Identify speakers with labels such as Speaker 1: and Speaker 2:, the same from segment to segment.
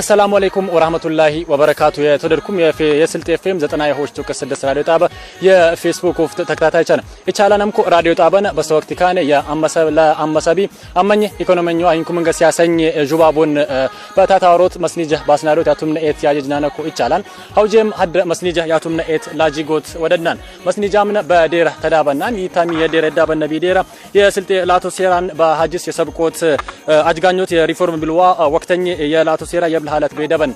Speaker 1: አሰላሙ አለይኩም ወራህመቱላሂ ወበረካቱ የተደርኩም የስልጤ ኤፍኤም ዘጠና የሆች ቶከ ስደስ ራዲዮ ጣበ የፌስቡክ ውፍት ተከታታይ ቻነ የቻላነምኮ ራዲዮ ጣበነ በሰወቅቲ ካነ የአመሰቢ አመኝ ኢኮኖሚኞ ኢኮኖሚኛ አይንኩምንገ ሲያሰኝ ጁባቡን በታታሮት መስኒጀ ባስናዶት ያቱምነ ኤት ያጅናነኮ ይቻላል ሀውጄም ሀደ መስኒጀ ያቱምነ ኤት ላጂጎት ወደናን መስኒጃምነ በዴራ ተዳበናን ይታሚ የዴራ ዳበነ ቢዴራ የስልጤ ላቶ ሴራን በሀጅስ የሰብቆት አጅጋኞት የሪፎርም ብልዋ ወቅተኝ የላቶ ሴራ jabla haalatti fayyadaman.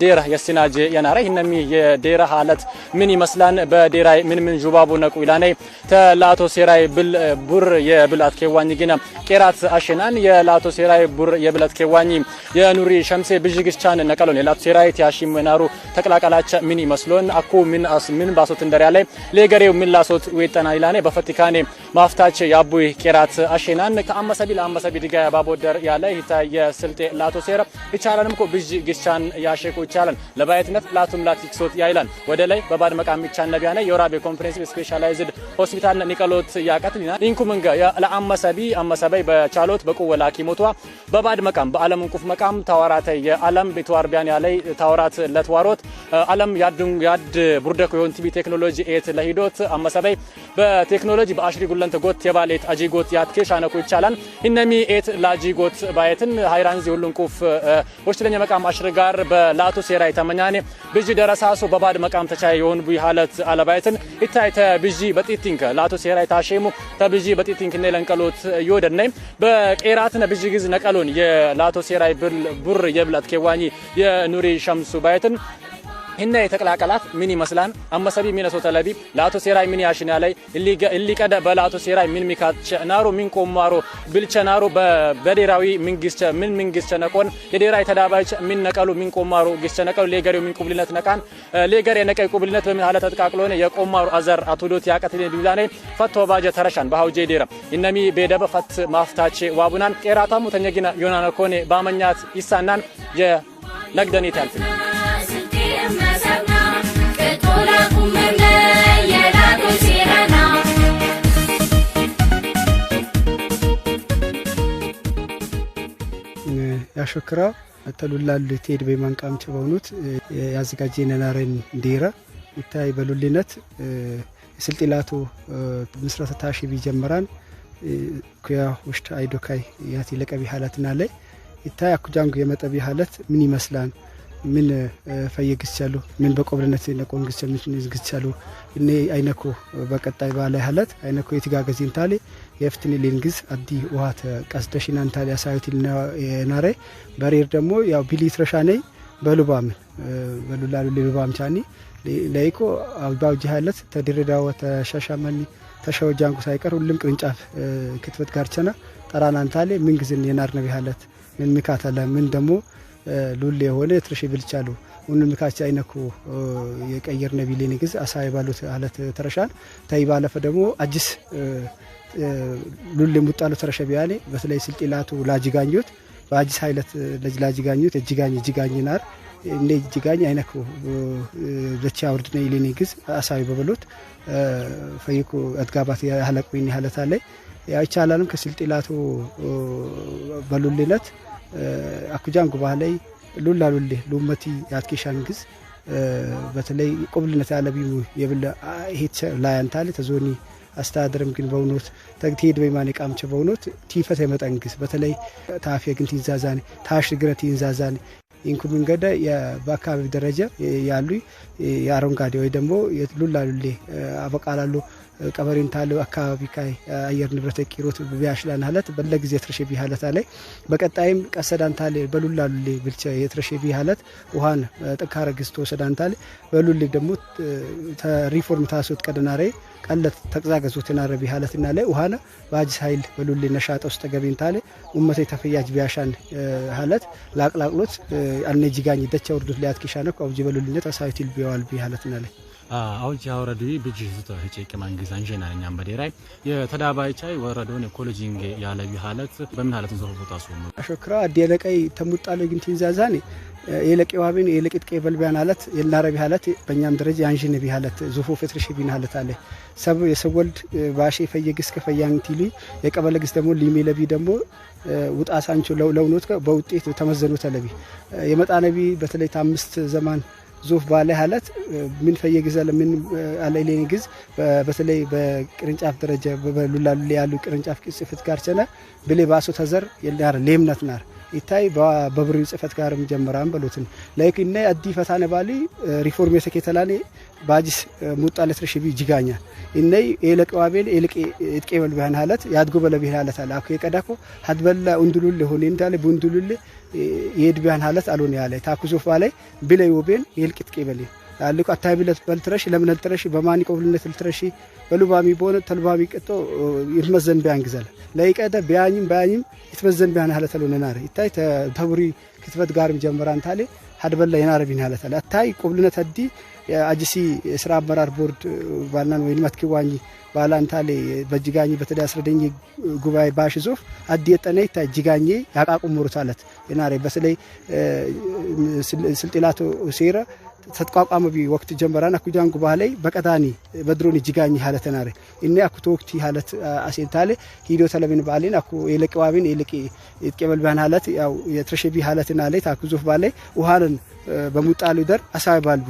Speaker 1: ዴራ የሲናጄ የናራ ይነሚ የዴራ ሀለት ምን ይመስላን በዴራይ ምን ምን ጁባቡ ነቁ ይላኔ ተላቶ ሴራይ ብል ቡር የብላት ኬዋኝ ግና ቄራት አሽናን የላቶ ሴራይ ቡር የብላት ኬዋኝ የኑሪ ሸምሴ ብጅግስቻን ነቀሎን የላቶ ሴራይ ቲያሺም ናሩ ተቀላቀላቸ ምን ይመስሎን አኩ ምን አስ ምን ባሶት እንደሪያ ላይ ሌገሬው ምን ላሶት ወይጠና ይላኔ በፈቲካኔ ማፍታች ያቡይ ቄራት አሽናን ከአመሰቢ ለአመሰቢ ድጋ ባቦደር ያለ ሂታ የስልጤ ላቶ ሴራ ይቻላንም ኮ ብጅግስቻን ያ ያሸቁ ይቻላል ለባይትነት ላቱም ላክቲክ ያይላል ወደ ላይ በባድ መቃም ይቻል ነቢያነ የወራቤ ኮንፈረንስ ስፔሻላይዝድ ሆስፒታል ኒቀሎት ያቀት ሊና ኢንኩ መንገ ለአመሰቢ አመሰበይ በቻሎት በቁወላ ኪሞቷ በባድ መቃም በአለም እንቁፍ መቃም ታዋራተ የአለም ቤትዋርቢያን ያለይ ታዋራት ለትዋሮት አለም ያድን ያድ ቡርደኩ የሆን ቲቪ ቴክኖሎጂ ኤት ለሂዶት አመሰበይ በቴክኖሎጂ በአሽሪ ጉለንተ ጎት የባሌት አጂጎት ያትኬ ሻነኩ ይቻላል እነሚ ኤት ላጂጎት ባየትን ሃይራንዚ ሁሉ እንቁፍ ወሽለኛ መቃም አሽር ጋር በ ለአቶ ሴራይ ተመኛኔ ብጂ ደረሳሶ በባድ መቃም ተቻይ የሆን ቡይ አለባይትን ይታይ ተብጂ በጢቲንከ ለአቶ ሴራይ ታሼሙ ተብጂ በጢቲንክ ነ ለንቀሎት ይወደነይ በቄራትነ ብጂ ግዝ ነቀሎን የለአቶ ሴራይ ቡር የብላት ኬዋኝ የኑሪ ሸምሱ ባይትን እና የተቀላቀላት ምን ይመስላል አመሰቢ ሚነሶተ ተለቢ ላቶ ሴራይ ምን ያሽና ላይ እሊቀደ በላቶ ሴራይ ምን ሚካቸ ናሮ ምን ቆማሮ ብልቸ ናሮ በዴራዊ ምን ግስቸ ምን ምን ግስቸ ነቆን የዴራይ ተዳባይቸ ምን ነቀሉ ምን ቆማሮ ግስቸ ነቀሉ ሌገሬው ምን ቁብልነት ነቃን ሌገሬ ነቀይ ቁብልነት በምን አለ ተጥቃቅሎ ሆነ የቆማሮ አዘር አቶዶት ዶት ያቀትል ዲብላኔ ፈቶ ባጀ ተረሻን በሃውጄ ዴራ እነሚ ቤደበ ፈት ማፍታቼ ዋቡናን ቄራታሙ ተኛጊና ዮናና ኮኔ ባመኛት ይሳናን የነግደኔት ያልፍል
Speaker 2: ሽክራ ተሉላል ቴድ በማንቃምች በሆኑት ያዘጋጀ ነናረን እንዴራ ይታይ በሉልነት ስልጢላቱ ምስረተ ታሽ ቢጀመራን ኩያ ውሽተ አይዶካይ ያቲ ለቀቢ ሀላት ናለ ይታይ አኩጃንጉ የመጠቢ ሀለት ምን ይመስላል ምን ፈየግቻሉ ምን በቆብርነት ነቆም ግቸ ምን ዝግቻሉ እኔ አይነኮ በቀጣይ ባለ ህለት አይነኮ የትጋገዚን ታሌ የፍትን ሊንግዝ አዲ ውሃት ቀስደሽናን ታሌ ያሳዩት ናረ በሬር ደግሞ ያው ቢሊ ትረሻነይ በሉባምን በሉላሉ ሊሉባም ቻኒ ለይኮ አባው ጅሃለት ተድርዳወ ተሻሻመኒ ተሸወጃንኩ ሳይቀር ሁሉም ቅርንጫፍ ክትበት ጋር ቸና ጠራናንታሌ ምንግዝን የናርነብ ያለት ምን ምካተለ ምን ደግሞ ሉሌ የሆነ ትርሽ ብልቻሉ ውን ምካች አይነኩ የቀየር ነቢሌ ንግዝ አሳይ ባሉት አለት ተረሻል ታይ ባለፈ ደግሞ አጅስ ሉል የሙጣሉ ተረሸ ቢያኔ በተለይ ስልጤላቱ ላጅጋኞት በአጅስ ሀይለት ላጅጋኞት እጅጋኝ እጅጋኝ ናር እንደ እጅጋኝ አይነኩ ለቻ ውርድነ ኢሌ ንግዝ አሳይ በበሎት ፈይኩ አትጋባት ያለቁኝ ያለታ ላይ ያይቻላልም ከስልጤላቱ በሉልነት አኩጃን ጉባለይ ሉላ ሉሌ ሉመቲ ያትኬሻንግዝ በተለይ ቁብልነት ያለብዩ የብለ ሄት ላያንታለ ተዞኒ አስተዳደርም ግን በውኖት ተግትሄድ በማን ቃምቸ በውኖት ቲፈት የመጠንግስ በተለይ ታፊ ግን ይንዛዛን ታሽ ግረት ይንዛዛን ኢንኩ መንገደ በአካባቢ ደረጃ ያሉ የአረንጓዴ ወይ ደግሞ ሉላ ሉሌ አበቃላሉ ቀበሬንታል አካባቢ ካይ አየር ንብረት ቂሮት ቢያሽላን ሀለት በለ ጊዜ ትርሽ ቢሃለታ አለ በቀጣይም ቀሰዳንታል በሉላሉ ብልቸ የትርሽ ቢሃለት ውሃን ጥካረ ግስቶ ግዝቶ ሰዳንታል በሉል ደግሞ ሪፎርም ታሶት ቀደናሬ ቀለት ተቅዛገዞት ናረ ቢሃለትና ላይ ውሃነ በአጅስ ኃይል በሉል ነሻጠ ውስጥ ገቤንታል ኡመቴ ተፈያጅ ቢያሻን ሀለት ላቅላቅሎት አነ ጅጋኝ ደቻ ወርዱት ሊያትኪሻ ነው አብጅ በሉልኘት አሳዊቲል ቢዋል ቢሃለትና ላይ
Speaker 1: አውጅ ያወረዱ ዝቶ ህጨቂ ማንጊዛ እንጀና ነኛም በዴራይ የተዳባይ ቻይ ወረዶን የኮሌጂንግ ያለ ቢሃለት በምን ሀለት ዘሆ ቦታ ሱ
Speaker 2: አሾክራ አዲየለቀይ ተሙጣለ ግን ትይዛዛኔ የለቂ ዋቢን የለቂት ቀይ በልቢያን አለት የላረ ቢሃለት በእኛም ደረጃ አንዥን ቢሃለት ሀለት ዙፎ ፍትርሽ ቢናለት አለ ሰብ የሰወልድ ባሼ ፈየግስ ከፈያን ቲሊ የቀበለግስ ደግሞ ሊሜ ለቢ ደግሞ ውጣሳንቹ ለውኖት በውጤት ተመዘኑ ተለቢ የመጣነቢ በተለይ ታምስት ዘማን ዙፍ ባለ ሀለት ምን ፈየ ግዘ ለምን አለ ግዝ በተለይ በቅርንጫፍ ደረጃ በሉላሉ ያሉ ቅርንጫፍ ጽፍት ጋር ቸነ ብሌ ባሶ ተዘር የዳር ሌምነት ናር ይታይ በብሪ ጽፈት ጋር ጀመራን በሉትን ላይክ እነ አዲ ፈታነ ባሊ ሪፎርም የሰከተላኔ ባጅስ ሙጣለት ረሽቢ ጅጋኛ እነ ኤለቀዋቤል ኤልቄ እጥቄ በልብያን ሀለት ያድጎ በለብያን ሀለት አለ አኩ የቀዳኮ ሀድበላ ኡንዱሉል ሆኔ እንዳለ ቡንዱሉል የድቢያን ሀለት አሉን ያለ ታኩ ላይ ብለይ ወቤን ኤልቄ እጥቄ በልይ ሊቁ አታቢለት በልትረሽ ለምን ልትረሽ በማን ይቆብልነት ልትረሽ በሉባሚ በሆነ ተልባሚ ቅጦ ይትመዘን ቢያን ግዘለ ለይቀደ ቢያኝም ቢያኝም ይትመዘን ቢያን ያለ ተሉነ ናረ ይታይ ተቡሪ ክትበት ጋርም ጀመራን ታሌ ሀድበላ የናረቢን ያለ ተለ አታይ ቁብልነት አዲ አጅሲ ስራ አመራር ቦርድ ባልናን ወይ መትኪ ዋኝ ባላንታሌ በጅጋኝ በተዳ አስረደኝ ጉባኤ ባሽ ጽሁፍ አዲ የጠነ ይታይ ጅጋኝ ያቃቁሙሩት አለት የናረ በስለይ ስልጢላቶ ሴረ ተቋቋመ ቢ ወቅት ጀንበራን አኩጃን ባህላይ በቀታኒ በድሮን ጅጋኝ ሀለተናሪ እነ አኩቶ ወቅት ሀለት አሴንታለ ሂዶ ተለብን ባሌን አኩ የለቀዋብን የለቂ የጥቀበል ባን ሀለት ያው የትረሸቢ ሀለትና ላይ ታኩዞፍ ባለይ ውሃልን በሙጣሉ ደር አሳይ ባልቢ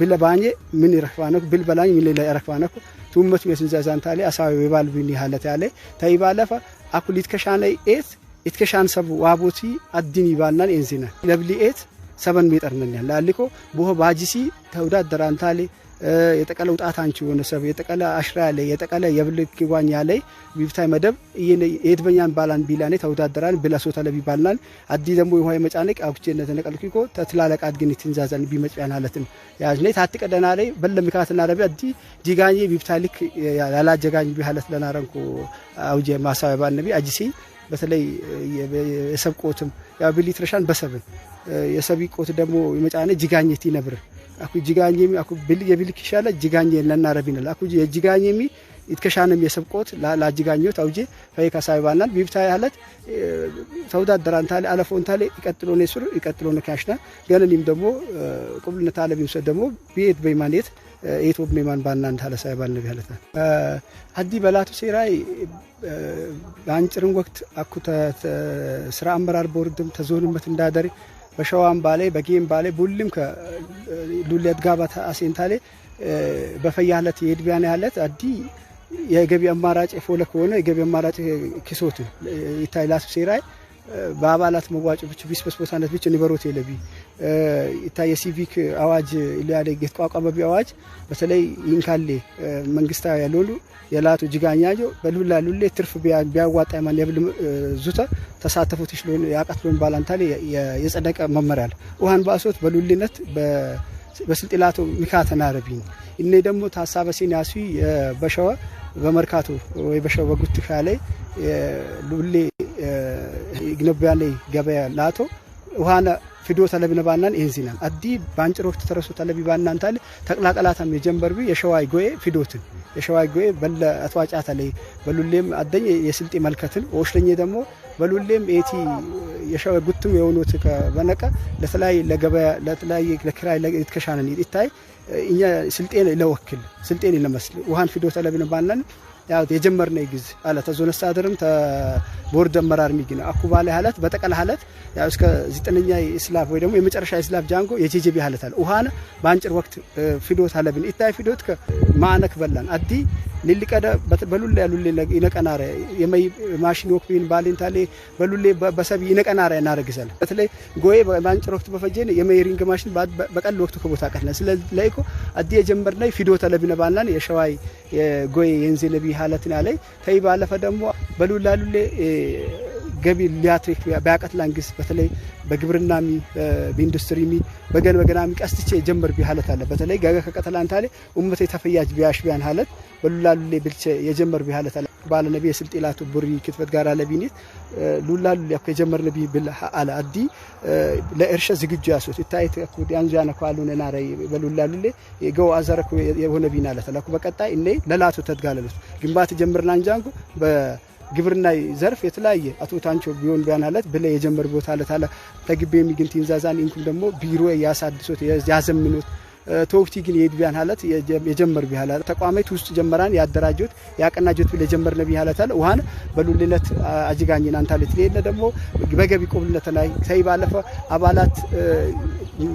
Speaker 2: ብለ ባኘ ምን ይረክባነኩ ብል በላኝ ምን ላይ ይረክባነኩ ቱመት የስንዛዛንታሌ አሳይ ባልቢን ሀለት ያለ ታይ ባለፈ አኩ ሊትከሻ ላይ ኤት ኢትከሻን ሰብ ዋቦቲ አድን ይባልናል እንዚና ለብሊ ኤት ሰበን ሜጠር ነን ያለ ላልኮ ቦሆ ባጂሲ ተውዳ አንታሌ የጠቀለ ውጣት አንቺ የሆነ ሰብ የጠቀለ አሽራ ያለ የጠቀለ የብልክ ጓኝ ያለ ቢብታይ መደብ የድበኛን ባላን ቢላኔ ተወዳደራን ብለሶታ ለቢ ባልናል አዲ ደግሞ የሆ መጫነቅ አኩቼነ ተነቀልኩ ኮ ተትላለቅ አድግን ትንዛዛን ቢመጫን አለትን ያጅኔ ታትቀደና ላይ በለምካት እና ለቢ አዲ ዲጋኝ ቢብታይ ልክ ያላጀጋኝ ቢሃለት ለናረንኩ አውጀ ማሳባ ነቢ አጂሲ በተለይ የሰብቆትም ያ ቢሊትረሻን በሰብን የሰቢ ቆት ደግሞ የመጫነ ጅጋኘት ይነብር አኩ ጅጋኘሚ አኩ ብል የብል ኪሻለ ጅጋኘ ለናረቢናል አኩ የጅጋኘሚ ይትከሻንም የሰብቆት ላጅጋኞት አውጄ ፈይካ ሳይባናል ቢብታ ያለት ሰውዳ ተወዳደራንታል አለፎንታል ይቀጥሎ ነው ሱር ይቀጥሎ ነው ካሽና ገለሊም ደግሞ ቁብልነት አለብኝ ሰ ደግሞ ቤት በይማኔት ኤቶብ ነው ማን ባና እንታለ ሳይባል ነው ያለታ አዲ በላቱ ሴራይ በአንጭርን ወቅት አኩ ስራ አመራር ቦርድም ተዞንመት እንዳደሪ በሸዋም ባሌ በጌም ባሌ ቡልም ዱሌት ጋባታ አሴንታሌ በፈያለት የድቢያን ያለት አዲ የገቢ አማራጭ ፎለ ከሆነ የገቢ አማራጭ ኪሶት ይታይ ላስብ ሴራይ በአባላት መዋጮ ብቻ ቢስበስ ቦታነት ብቻ ኒበሮት የለቢ የሲቪክ አዋጅ ሊያደግ የተቋቋመ አዋጅ በተለይ ይንካሌ መንግስታዊ ያልሆኑ የላቱ ጅጋኛጆ በሉላ ሉሌ ትርፍ ቢያዋጣ ማ የብል ዙተ ተሳተፉ ትሽሎን ያቃትሎን ባላንታሌ የጸደቀ መመሪያል ውሃን ባሶት በሉልነት በስልጢላቱ ሚካተና ረቢኝ እኔ ደግሞ ታሳበ ያሱ በሸወ በመርካቶ ወይ በሸወ በጉትካ ላይ ሉሌ ይግነቢያ ላይ ገበያ ላቶ ውሃነ ፊዶ ተለብነ ባናን ይህንሲናን አዲ ባንጭሮፍ ተረሱ ተለቢ ባናን ታል ተቅላቀላታም የጀንበር ቢ የሸዋይ ጎኤ ፊዶትን የሸዋይ ጎኤ በለ አትዋጫ ተለይ በሉሌም አደኝ የስልጤ መልከትን ወሽለኝ ደግሞ በሉሌም ኤቲ የሸዋይ ጉትም የሆኑት በነቀ ለተለያይ ለገበያ ለተለያየ ለክራይ ለትከሻነን ይታይ እኛ ስልጤን ለወክል ስልጤን ለመስል ውሃን ፊዶ ተለብነ ባናን ያው የጀመርነ ይግዝ አለ ተዞነ አስተዳደርም ተቦርድ አመራር የሚግነ አኩባ ላይ ሀለት በጠቀለ ሀለት ያው እስከ ዚጥንኛ ኢስላፍ ወይ ደግሞ የመጨረሻ ኢስላፍ ጃንጎ የጄጄቢ ሀለት አለ ውሃነ በአንጭር ወቅት ፊዶት አለብን ኢታይ ፊዶት ማዕነክ በላን አዲ ሊልቀደ በሉሌ ያሉሌ ይነቀናረ የመይ ማሽን ወክቢን ባሊንታሌ በሉሌ በሰብ ይነቀናረ ያናረግሰል በተለይ ጎዬ በማንጭር ወቅት በፈጀን የመይ ሪንግ ማሽን በቀል ወቅት ከቦታ ቀትነ ስለላይኮ አዲ የጀመር ላይ ፊዶ ተለብነ ባልናን የሸዋይ ጎዬ የንዜ ለቢ ሀለትን ያለይ ተይ ባለፈ ደግሞ በሉላ ያሉሌ ገቢ ሊያትሪክ በያቀት ላንግስ በተለይ በግብርና ሚ በኢንዱስትሪ ሚ በገን በገና ሚ ቀስትቼ የጀመር ቢሃለት አለ በተለይ ጋጋ ከቀተላን ላይ ኡመቴ ተፈያጅ ቢያሽ ቢያን ሀለት በሉላሉሌ ብልቼ የጀመር ቢሃለት አለ ባለ ነቢ የስልጤ ቡሪ ክትፈት ጋር ለቢኒት ሉላሉ ያኮ የጀመር ነቢ ብል አለ አዲ ለእርሻ ዝግጁ ያሱት ይታይት ያንጃነ ኳሉን ናረይ በሉላሉሌ ገው አዘረኩ የሆነ ቢና አለት በቀጣይ እኔ ለላቱ ተትጋለሉት ግንባት ጀምርና እንጃንኩ ግብርና ዘርፍ የተለያየ አቶ ታንቾ ቢሆን ቢያናለት ብለ የጀመር ቦታ አለት አለ ተግቤ የሚግን ቲንዛዛን ኢንኩም ደግሞ ቢሮ ያሳድሶት ያዘምኑት ተወፍቲ ግን የሄድ ቢያን ሀለት የጀመር ቢያለ ተቋማት ውስጥ ጀመራን ያደራጆት ያቀናጆት ብለ ጀመር ነብይ ሀለት አለ ውሃን በሉልነት አጅጋኝን አንታለት ለየለ ደግሞ በገቢ ቆብልነት ላይ ሳይ ባለፈ አባላት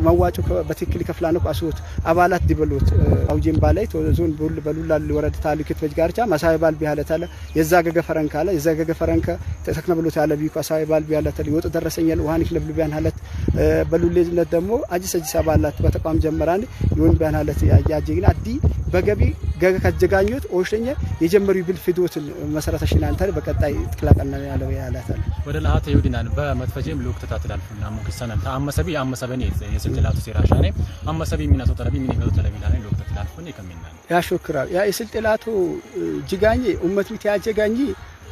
Speaker 2: መዋጮ በትክክል ይከፍላል እኮ አሱት አባላት ዲበሉት አውጂን ባላይ ዞን ቡል በሉላል ወረድ ታሊክት በጅ ጋርቻ መሳይ ባል ቢያለ ታለ የዛ ገገ ፈረንካ አለ የዛ ገገ ፈረን ተሰክነ ተተክነ ብሎት ያለ ቢቆ ሳይ ባል ቢያለ ታለ ይወጥ ደረሰኛል ውሃን ክለብ ልቢያን ሀለት በሉሌዝነት ደግሞ አጂስ አጂስ አባላት በተቋም ጀመራን ይሁን ቢያን ሀለት ያጃጅግና አዲ በገቢ ገገ ከጀጋኙት ኦሽኛ የጀመሩ ይብል ፍዶትን መሰረተ ሽናንታል በቀጣይ ትክላቀና ያለ ያላታል
Speaker 1: ወደ ለሃተ ይሁዲናን በመትፈጀም ሎክ ተታትላልፍና ሙክሰናን ተአመሰቢ አመሰበኔ የስልጥላቱ ሲራሻኔ አመሰብ የሚናቶ ተረቢ ምን ይገው ተረቢ ላይ ሎክ ተላልፎን ይከሚናል
Speaker 2: ያሾክራ ያ የስልጥላቱ ጅጋኝ ኡመት ቢት ያጀጋኝ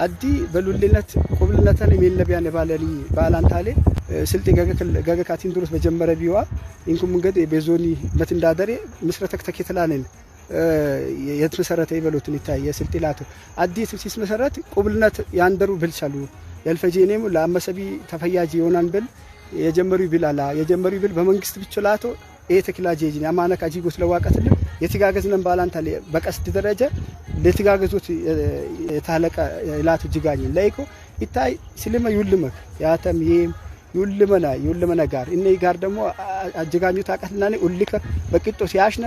Speaker 2: አዲ በሉልነት ቁብልነተን የሚለቢያ ነባለሊ ባላንታሌ ስልጤ ገገ ካቲን ድሮስ በጀመረ ቢዋ ኢንኩም እንገድ በዞኒ መት እንዳደሬ ምስረተክ ተከተላነን የተመሰረተ ይበሉትን ይታይ የስልጤ ላቱ አዲስ ሲስ መሰረት ቁብልነት ያንደሩ ብልቻሉ ያልፈጄኔም ለአመሰቢ ተፈያጅ ይሆናን ብል የጀመሪው ቢል አላ የጀመሪው ቢል በመንግስት ብችላቶ ኤተክላጄጅን ያማነክ ጂጎ ለዋቀትልም የትጋገዝነን ባላንታ በቀስድ ደረጃ ለትጋገዙት የታለቀ ላቱ ጅጋኝ ላይኮ ይታይ ስልመ ዩልመክ ያተም ይም ዩልመና ዩልመና ጋር እነ ጋር ደግሞ አጅጋኙ ታቀትልና ኡልከ በቂጦስ ያሽነ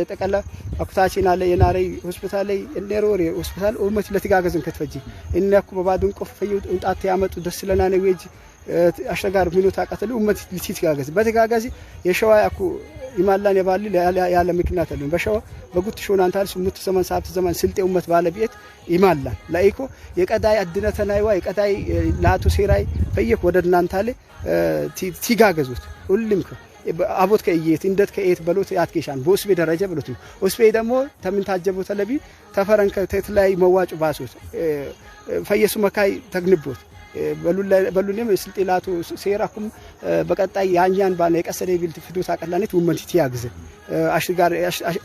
Speaker 2: የጠቀለ አኩታሲና አለ የናሬ ሆስፒታል ላይ እንደሮሪ ሆስፒታል ኡመት ለትጋገዝን ከተፈጂ እነኩ ኩ በባዱን ቆፈዩ እንጣት ያመጡ ደስ ለናኔ ወጅ አሸጋር ምኑ ታቀተሉ ኡመት ሊትጋገዝ በተጋጋዚ የሸዋ ያኩ ይማላን የባል ያለ ምክንያት አሉ በሸዋ በጉት ሾና አንታል ስሙት ዘመን ሰዓት ዘመን ስልጤ ኡመት ባለቤት ይማላን ላይኮ የቀዳይ አድነተናይዋ የቀዳይ ላቱ ሴራይ በየክ ወደ እናንታለ ቲጋገዙት ሁሉም አቦት ከእየት እንደት ከእየት በሎት አትኬሻን በኡስቤ ደረጃ በሎት ኡስቤ ደግሞ ተምንታጀቡ ተለቢ ተፈረንከ ተትላይ መዋጮ ባሶት ፈየሱ መካይ ተግንቦት በሉኔም ስልጤላቱ ሴራኩም በቀጣይ ያኛን ባለ የቀሰደ ቢልት ፍዱት አቀላኔት ውመንቲት ያግዝ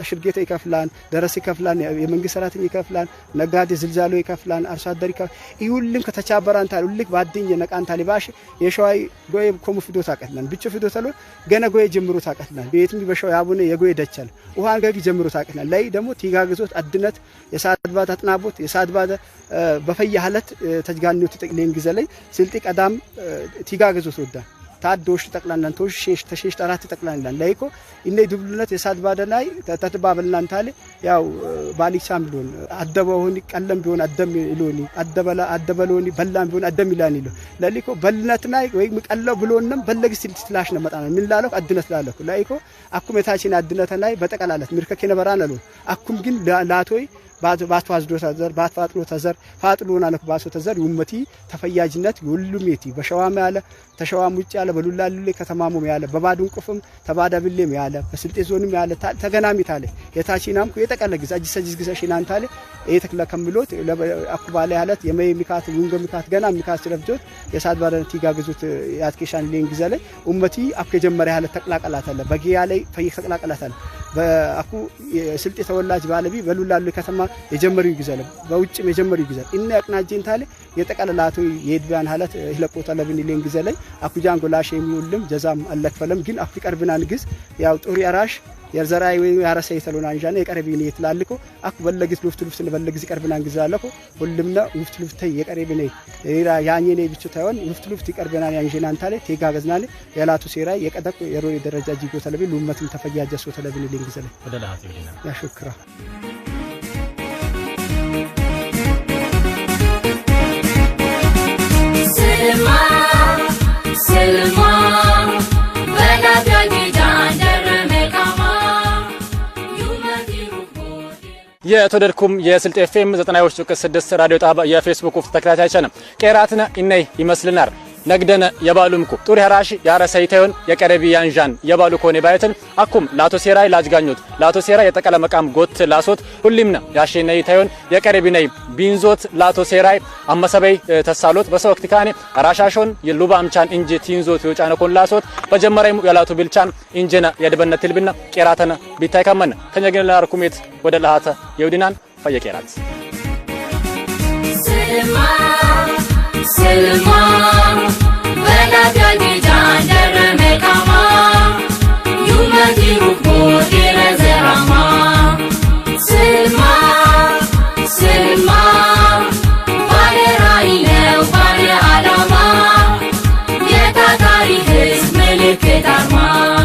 Speaker 2: አሽርጌታ ይከፍላን ደረስ ይከፍላን የመንግስት ሰራተኛ ይከፍላን ነጋዴ ዝልዛሎ ይከፍላን አርሶ አደር ይከፍላን ይህ ሁሉም ከተቻበራን ታል ሁልክ ባድኝ የነቃን ታል ባሽ የሸዋይ ጎይ ኮሙ ፍዶት አቀላን ብቹ ፍዶት አሎ ገነ ጎይ ጀምሩት አቀላን ቤትም በሸዋ ያቡነ የጎይ ደቸል ውሃን ገግ ጀምሩት አቀላን ላይ ደግሞ ቲጋግዞት አድነት የሳድባት አጥናቦት የሳድባት በፈያ ሀለት ተጅጋኒው ትጠቅሌን ጊዜ በተለይ ስልጤ ቀዳም ቲጋ ገዞ ስወዳ ታዶሽ ጠቅላላን ተሽሽ ተሽሽ ጠራት ተጠቅላንላን ላይኮ እነ ድብሉነት የሳት ባደናይ ተተባበልናን ታለ ያው ባሊክሳም ቢሆን አደበውን ቀለም ቢሆን አደም ይሎኒ አደበላ አደበሎኒ በላም ቢሆን አደም ይላን ይሎ ለሊኮ ናይ ወይ ምቀለ ብሎንም በለግ ሲል ትላሽ ነው መጣና ምን ላለው አድነት ላለኩ ላይኮ አኩም የታችን አድነት ላይ በጠቀላለት ምርከክ ነበራን አሉ አኩም ግን ላቶይ ባትዋዝዶ ተዘር ባትፋጥሎ ተዘር ፋጥሎና ነክ ባሶ ተዘር ውመቲ ተፈያጅነት ሁሉም የቲ በሸዋማ ያለ ተሸዋም ውጭ ያለ በሉላ በሉላሉሌ ከተማሙም ያለ በባዱን በባድንቁፍም ተባዳብሌም ያለ በስልጤ ዞንም ያለ ተገናሚ ታለ የታቺናም የጠቀለ ግዛ ጅሰ ጅዝግሰ ሽናን ታለ የተክለ ከምሎት አኩባለ ያለት የመይ ሚካት ውንገ ሚካት ገና ሚካት ስለፍጆት የሳት ባደረ ቲጋ ግዙት ያትኬሻን ሌን ግዘለ ኡመቲ አኩ ከጀመረ ያለ ተቀላቀላታለ በጌ ያለ ፈይክ ተቀላቀላታለ በአኩ ስልጤ ተወላጅ ባለቢ በሉላ ሉሌ ከተማ የጀመሩ ይግዘለ በውጭም የጀመሩ ይግዘል እና ያቅናጄን ታለ የጠቀለላቱ የድቢያን ሀለት ይለቆታ ለብን ይሌን ጊዜ ላይ አኩጃን ጎላሽ የሚውልም ጀዛም አለክፈለም ግን አኩ ቀርብናን ግዝ ያው ጦሪ አራሽ የዘራይ ወይ ያረሰ የተሎና ይተሉና እንጃነ የቀረቢን ይትላልቆ አኩ በለግዝ ሉፍት ሉፍት ለበለግዝ ይቀርብናን ግዝ አለቆ ሁሉምና ሉፍት ሉፍት ሌላ ያኔ ያኘኔ ብቻ ታይሆን ሉፍት ሉፍት ይቀርብናን ያንጀናን ታለ ቴጋገዝናለ ያላቱ ሴራ የቀደቁ የሮይ ደረጃ ጂጎ ተለብ ሉመትም ተፈያጀሶ ተለብን ይሌን ግዜ ላይ
Speaker 1: ወደላሃት ይልና
Speaker 2: ያሽክራ Selma,
Speaker 1: Selma, Venga የተወደድኩም የስልጤ ኤፍኤም 90.6 ራዲዮ ጣቢያ የፌስቡክ ውፍ ተከታታዮች ነን ቄራትነ ኢነይ ይመስልናል ነግደነ የባሉም ኩ ጡር ሄራሽ ያረ ሰይታዮን የቀረቢ ያንዣን የባሉ ኮኔ ባየትን አኩም ላቶ ሴራይ ላጅጋኞት ላቶ ሴራ የጠቀለ መቃም ጎት ላሶት ሁሊምነ ነይ ታዮን የቀረቢ ነይ ቢንዞት ላቶ ሴራይ አመሰበይ ተሳሎት ወቅት ካኔ አራሻሾን የሉባ አምቻን እንጂ ቲንዞት የጫነ ኮን ላሶት በጀመራይ የላቱ ብልቻን እንጀነ የድበነ ትልብና ቄራተነ ቢታይ ከመነ ከኛገነ ላርኩሜት ወደ ለሃተ የውዲናን ፈየቄራት ስማ በናጋጌጃ ደረመቃማ ዩመቲሩኮ ምልክት አርማ